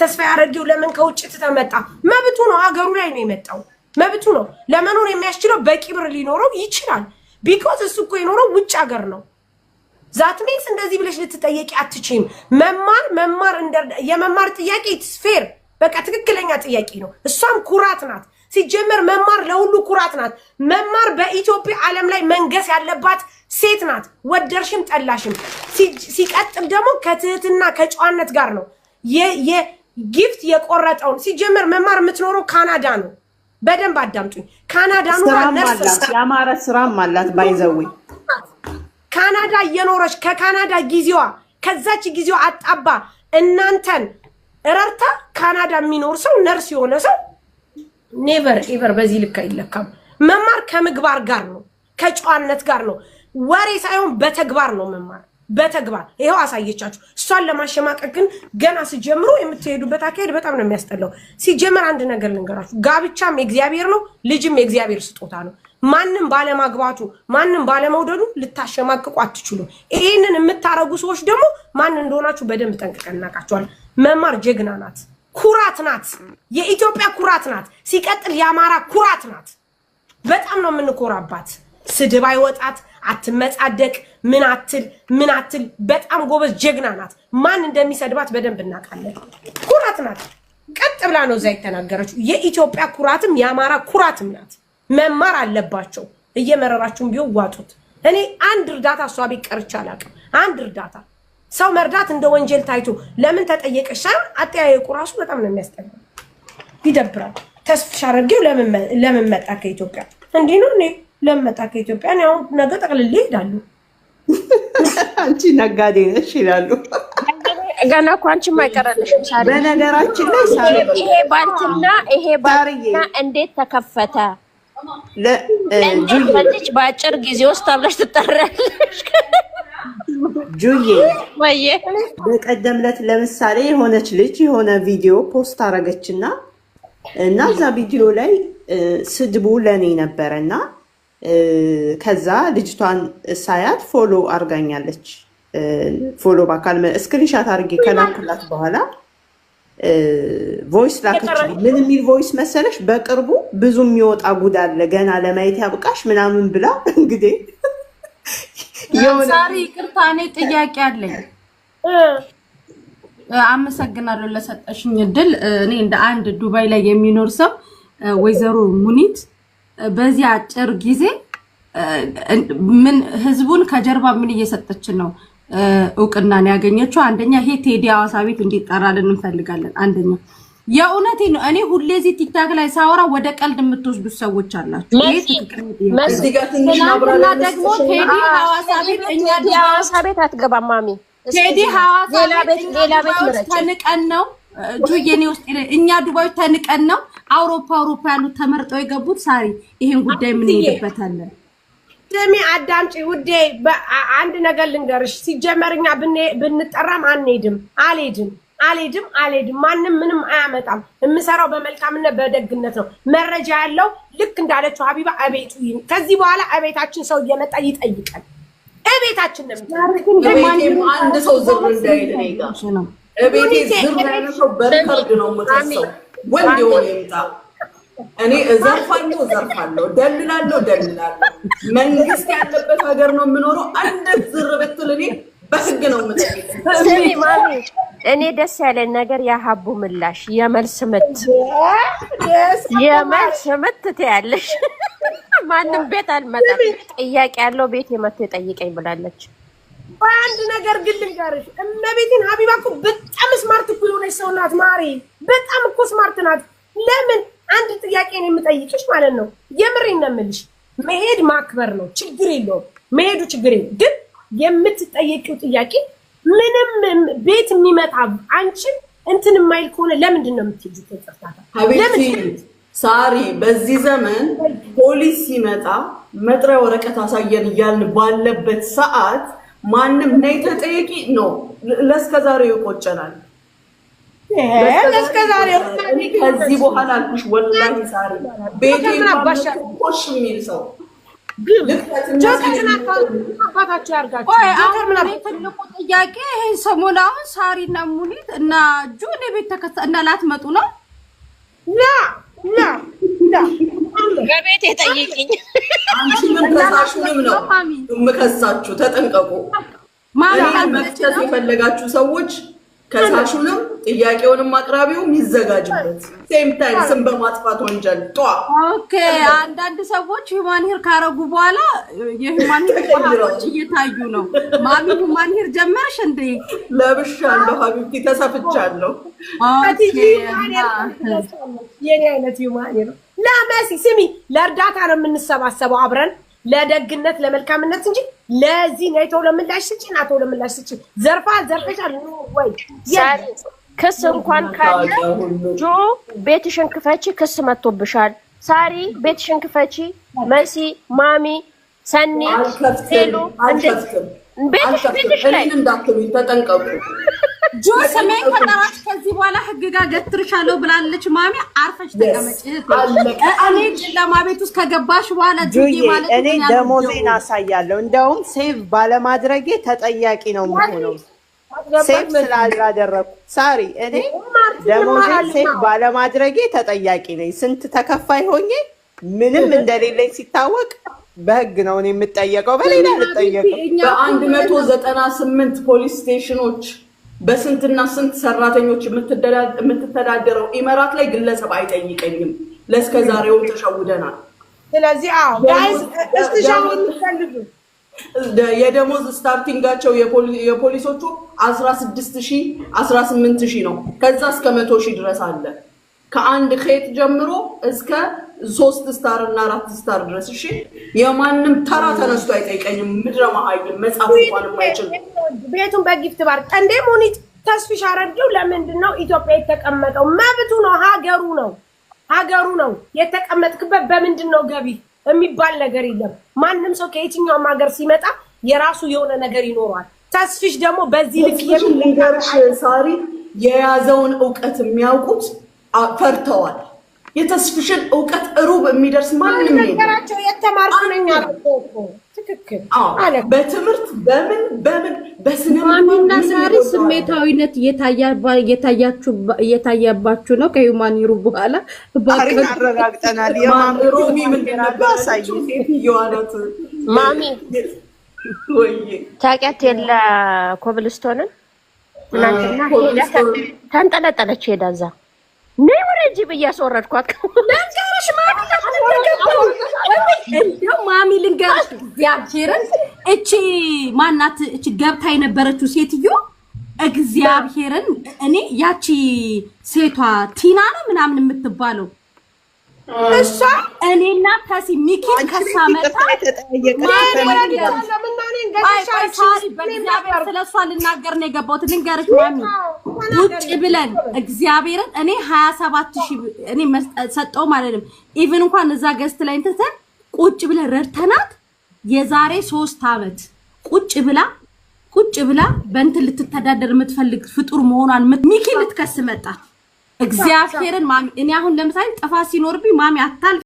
ተስፋ ያደረገው ለምን ከውጭ ተመጣ? መብቱ ነው። ሀገሩ ላይ ነው የመጣው፣ መብቱ ነው። ለመኖር የሚያስችለው በቂ ብር ሊኖረው ይችላል። ቢኮዝ እሱ እኮ የኖረው ውጭ ሀገር ነው። ዛት ሜክስ እንደዚህ ብለሽ ልትጠየቂ አትችም። መማር መማር የመማር ጥያቄ ኢትስ ፌር በቃ ትክክለኛ ጥያቄ ነው። እሷም ኩራት ናት። ሲጀመር መማር ለሁሉ ኩራት ናት። መማር በኢትዮጵያ ዓለም ላይ መንገስ ያለባት ሴት ናት፣ ወደርሽም ጠላሽም። ሲቀጥል ደግሞ ከትህትና ከጨዋነት ጋር ነው ጊፍት የቆረጠውን ሲጀመር መማር የምትኖረው ካናዳ ነው። በደንብ አዳምጡኝ። ካናዳ ያማረ ስራም አላት ባይዘዊ ካናዳ እየኖረች ከካናዳ ጊዜዋ ከዛች ጊዜዋ አጣባ እናንተን እረርታ ካናዳ የሚኖር ሰው ነርስ የሆነ ሰው ኔቨር ኤቨር በዚህ ልክ አይለካም። መማር ከምግባር ጋር ነው፣ ከጨዋነት ጋር ነው። ወሬ ሳይሆን በተግባር ነው መማር በተግባር ይኸው አሳየቻችሁ። እሷን ለማሸማቀቅ ግን ገና ስጀምሩ የምትሄዱበት አካሄድ በጣም ነው የሚያስጠላው። ሲጀምር አንድ ነገር ልንገራችሁ፣ ጋብቻም የእግዚአብሔር ነው፣ ልጅም የእግዚአብሔር ስጦታ ነው። ማንም ባለማግባቱ ማንም ባለመውደዱ ልታሸማቅቁ አትችሉም። ይህንን የምታረጉ ሰዎች ደግሞ ማን እንደሆናችሁ በደንብ ጠንቅቀን እናውቃቸዋለን። መማር ጀግና ናት፣ ኩራት ናት፣ የኢትዮጵያ ኩራት ናት። ሲቀጥል የአማራ ኩራት ናት። በጣም ነው የምንኮራባት። ስድብ አይወጣት፣ አትመጻደቅ፣ ምን አትል ምን አትል። በጣም ጎበዝ ጀግና ናት። ማን እንደሚሰድባት በደንብ እናውቃለን። ኩራት ናት። ቀጥ ብላ ነው እዛ የተናገረችው። የኢትዮጵያ ኩራትም የአማራ ኩራትም ናት። መማር አለባቸው። እየመረራችሁም ቢሆን ዋጡት። እኔ አንድ እርዳታ እሷ ቤት ቀርቼ አላውቅም። አንድ እርዳታ ሰው መርዳት እንደ ወንጀል ታይቶ ለምን ተጠየቀሽ ሳይሆን አጠያየቁ ራሱ በጣም ነው የሚያስጠላው፣ ይደብራል። ተስፍሽ አድርጌው ለምን መጣ ከኢትዮጵያ እንዲህ ነው እኔ ለመጣ ከኢትዮጵያ ያው ነገ ጠቅልል ይሄዳሉ። አንቺ ነጋዴ ነሽ ይላሉ። ገና እኮ አንቺ ማይቀረልሽ። በነገራችን ላይ ይሄ ባልትና ይሄ ባልትና እንዴት ተከፈተ? ለጁልጅ በአጭር ጊዜ ውስጥ ተብለሽ ትጠራለሽ። ጁዬ በቀደም ዕለት ለምሳሌ የሆነች ልጅ የሆነ ቪዲዮ ፖስት አረገችና እና እዛ ቪዲዮ ላይ ስድቡ ለእኔ ነበረ እና ከዛ ልጅቷን ሳያት ፎሎ አርጋኛለች። ፎሎ በአካል እስክሪንሻት አርጌ ከላኩላት በኋላ ቮይስ ላከች። ምን የሚል ቮይስ መሰለሽ? በቅርቡ ብዙ የሚወጣ ጉድ አለ ገና ለማየት ያብቃሽ ምናምን ብላ እንግዲህ ሳሪ ይቅርታ፣ እኔ ጥያቄ አለኝ። አመሰግናለሁ ለሰጠሽኝ እድል። እኔ እንደ አንድ ዱባይ ላይ የሚኖር ሰው ወይዘሮ ሙኒት በዚህ አጭር ጊዜ ምን ህዝቡን ከጀርባ ምን እየሰጠችን ነው እውቅናን ያገኘችው? አንደኛ ይሄ ቴዲ ሐዋሳ ቤት እንዲጠራልን እንፈልጋለን። አንደኛ የእውነቴ ነው። እኔ ሁሌ እዚህ ቲክታክ ላይ ሳወራ ወደ ቀልድ የምትወስዱት ሰዎች አላችሁ። ትናንትና ደግሞ ቴዲ ሐዋሳ ቤት እኛ ሐዋሳ ቤት አትገባም ማሚ ቴዲ ሐዋሳ ቤት ተንቀን ነው ጁዬኔ ውስጥ እኛ ዱባዮች ተንቀን ነው አውሮፓ አውሮፓ ያሉት ተመርጠው የገቡት ሳሪ፣ ይሄን ጉዳይ ምን እንሄድበታለን? ስሚ አዳምጪ ውዴ፣ አንድ ነገር ልንገርሽ። ሲጀመር እኛ ብንጠራም አንሄድም፣ አልሄድም፣ አልሄድም፣ አልሄድም። ማንም ምንም አያመጣም። የምሰራው በመልካምነት በደግነት ነው። መረጃ ያለው ልክ እንዳለችው ሀቢባ እቤቱ ከዚህ በኋላ እቤታችን ሰው እየመጣ ይጠይቃል። እቤታችን ነው አንድ ሰው ዝም እንዳይል ነው እቤቴ ዝም እኔ እዘርፋለሁ እዘርፋለሁ፣ ደልላለሁ ደልላለሁ። መንግስት ያለበት ሀገር ነው የምኖረው። አንድ ዝር ብትል እኔ በህግ ነው የምጠይቅ። እኔ ደስ ያለኝ ነገር የሀቡ ምላሽ የመልስ ምት የመልስ ምት ትያለሽ። ማንም ቤት አልመጣም ጥያቄ ያለው ቤት የመቶ የጠይቀኝ ብላለች። በአንድ ነገር ግን ልንገርሽ፣ እመቤቴን ሀቢባ እኮ በጣም ስማርት እኮ የሆነች ሰው ናት። ማሪ በጣም እኮ ስማርት ናት። ለምን አንድ ጥያቄ ነው የምጠይቅሽ ማለት ነው። የምሬ ነው መሄድ ማክበር ነው፣ ችግር የለውም መሄዱ ችግር የለውም። ግን የምትጠየቂው ጥያቄ ምንም ቤት የሚመጣ አንቺን እንትን የማይል ከሆነ ለምንድን ነው የምትሄጂው? ተጠርታታ ሳሪ፣ በዚህ ዘመን ፖሊስ ሲመጣ መጥሪያ ወረቀት አሳየን እያልን ባለበት ሰዓት ማንም ነይ ተጠየቂ ነው። ለእስከዛሬው ይቆጨናል። ከዚህ በኋላ አልኩሽ ወላሂ ዛሬ ቤቴ ኮሽ የሚል ሰው ትልቁ ጥያቄ ይሄን ሰሞን አሁን ሳሪና ሙኒት እና እኔ ቤት እና ላትመጡ ነው። ና ና በቤቴ አንቺ ምን ነው የምከሳችሁ? ተጠንቀቁ። መፍጨት የፈለጋችሁ ሰዎች ከሳሹንም ጥያቄውንም አቅራቢው የሚዘጋጅበት ሴም ታይም ስም በማጥፋት ወንጀል ጧ ኦኬ። አንዳንድ ሰዎች ሂማን ሄር ካረጉ በኋላ የሂማን ሄር ባህሎች እየታዩ ነው። ማሚ ሂማን ሄር ጀመርሽ እንዴ? ለብሻለሁ ሀቢብቲ፣ ተሰፍቻለሁ። የኔ አይነት ሂማን ሄር ለመሲ ስሚ፣ ለእርዳታ ነው የምንሰባሰበው አብረን ለደግነት ለመልካምነት እንጂ ለዚህ ነው ለምላሽ ስጪን፣ አቶ ለምላሽ ስጪን፣ ዘርፋ ዘርፈሻል ወይ ክስ እንኳን ካለ ጆ ቤትሽን ክፈቺ፣ ክስ መጥቶብሻል። ሳሪ ቤትሽን ክፈቺ፣ መሲ፣ ማሚ፣ ሰኒ፣ ሄሎ ቤትሽ ቤትሽ ላይ ተጠንቀቁ። ጆ ከጠራሽ ከዚህ በኋላ ህግ ጋር ገትርሻለሁ ብላለች። ማሚ አርፈሽ ተቀመጭ። እኔ ጨለማ ቤት ውስጥ ከገባሽ በኋላ እኔ ደሞዜን አሳያለሁ። እንደውም ሴቭ ባለማድረጌ ተጠያቂ ነው የምሆነው። ሳሪ፣ እኔ ደሞዜን ባለማድረጌ ተጠያቂ ነኝ። ስንት ተከፋይ ሆኜ ምንም እንደሌለኝ ሲታወቅ በህግ ነው እኔ የምጠየቀው፣ በሌላ አልጠየቅም። በአንድ መቶ ዘጠና ስምንት ፖሊስ ስቴሽኖች በስንትና ስንት ሰራተኞች የምትተዳደረው ኢመራት ላይ ግለሰብ አይጠይቀኝም። ለእስከ ዛሬውም ተሸውደናል። ስለዚህ የደሞዝ ስታርቲንጋቸው የፖሊሶቹ 16ሺ ሺህ ሺ ሺህ ነው። ከዛ እስከ መቶ ሺህ ድረስ አለ ከአንድ ኬት ጀምሮ እስከ ሶስት ስታር እና አራት ስታር ድረስ እሺ፣ የማንም ተራ ተነስቶ አይጠይቀኝም። ምድረ መሀይል መጽሐፍ እንኳን የማይችል ቤቱን በጊፍት ባር እንዴ ሙኒት ተስፊሽ አረጀው። ለምንድን ነው ኢትዮጵያ የተቀመጠው? መብቱ ነው፣ ሀገሩ ነው፣ ሀገሩ ነው የተቀመጥክበት። በምንድን ነው ገቢ የሚባል ነገር የለም። ማንም ሰው ከየትኛውም ሀገር ሲመጣ የራሱ የሆነ ነገር ይኖረዋል። ተስፊሽ ደግሞ በዚህ ልክ የሚል ሳሪ የያዘውን እውቀት የሚያውቁት ፈርተዋል። የተስፍሽን እውቀት ሩብ የሚደርስ ማንም ነገራቸው የተማርኩ ነኝ ትክክል በትምህርት በምን በምን በስነ ማና ስሜታዊነት እየታያባችሁ ነው። ከዩማኒሩ በኋላ አረጋግጠናል። ሮሚ ምንድነው አሳዩ ማሚ ታውቂያት የለ ኮብልስቶንን ተንጠለጠለች ሄዳ እዛ እንጂ ብዬሽ አስወረድኳት። ልንገርሽ ማሚ እንደው ማሚ ልንገርሽ እግዚአብሔርን እቺ ማናት እቺ ገብታ የነበረችው ሴትዮ እግዚአብሔርን እኔ ያቺ ሴቷ ቲና ነው ምናምን የምትባለው እሷ እኔና ታሲ ሚኪ ከሳመጣ ስለሷ ልናገር ነው የገባሁት። ልንገርሽ ማሚ ውጭ ብለን እግዚአብሔርን እኔ ሀያ ሰባት ሺህ እኔ ሰጠውም አለንም ኢቭን እንኳን እዛ ገዝት ላይ እንትተን ቁጭ ብለን ረድተናት የዛሬ ሶስት ዓመት ቁጭ ብላ ቁጭ ብላ በእንትን ልትተዳደር የምትፈልግ ፍጡር መሆኗን ሚኪ ልትከስ መጣት እግዚአብሔርን ማሚ እኔ አሁን ለምሳሌ ጥፋት ሲኖርብኝ ማሚ አታል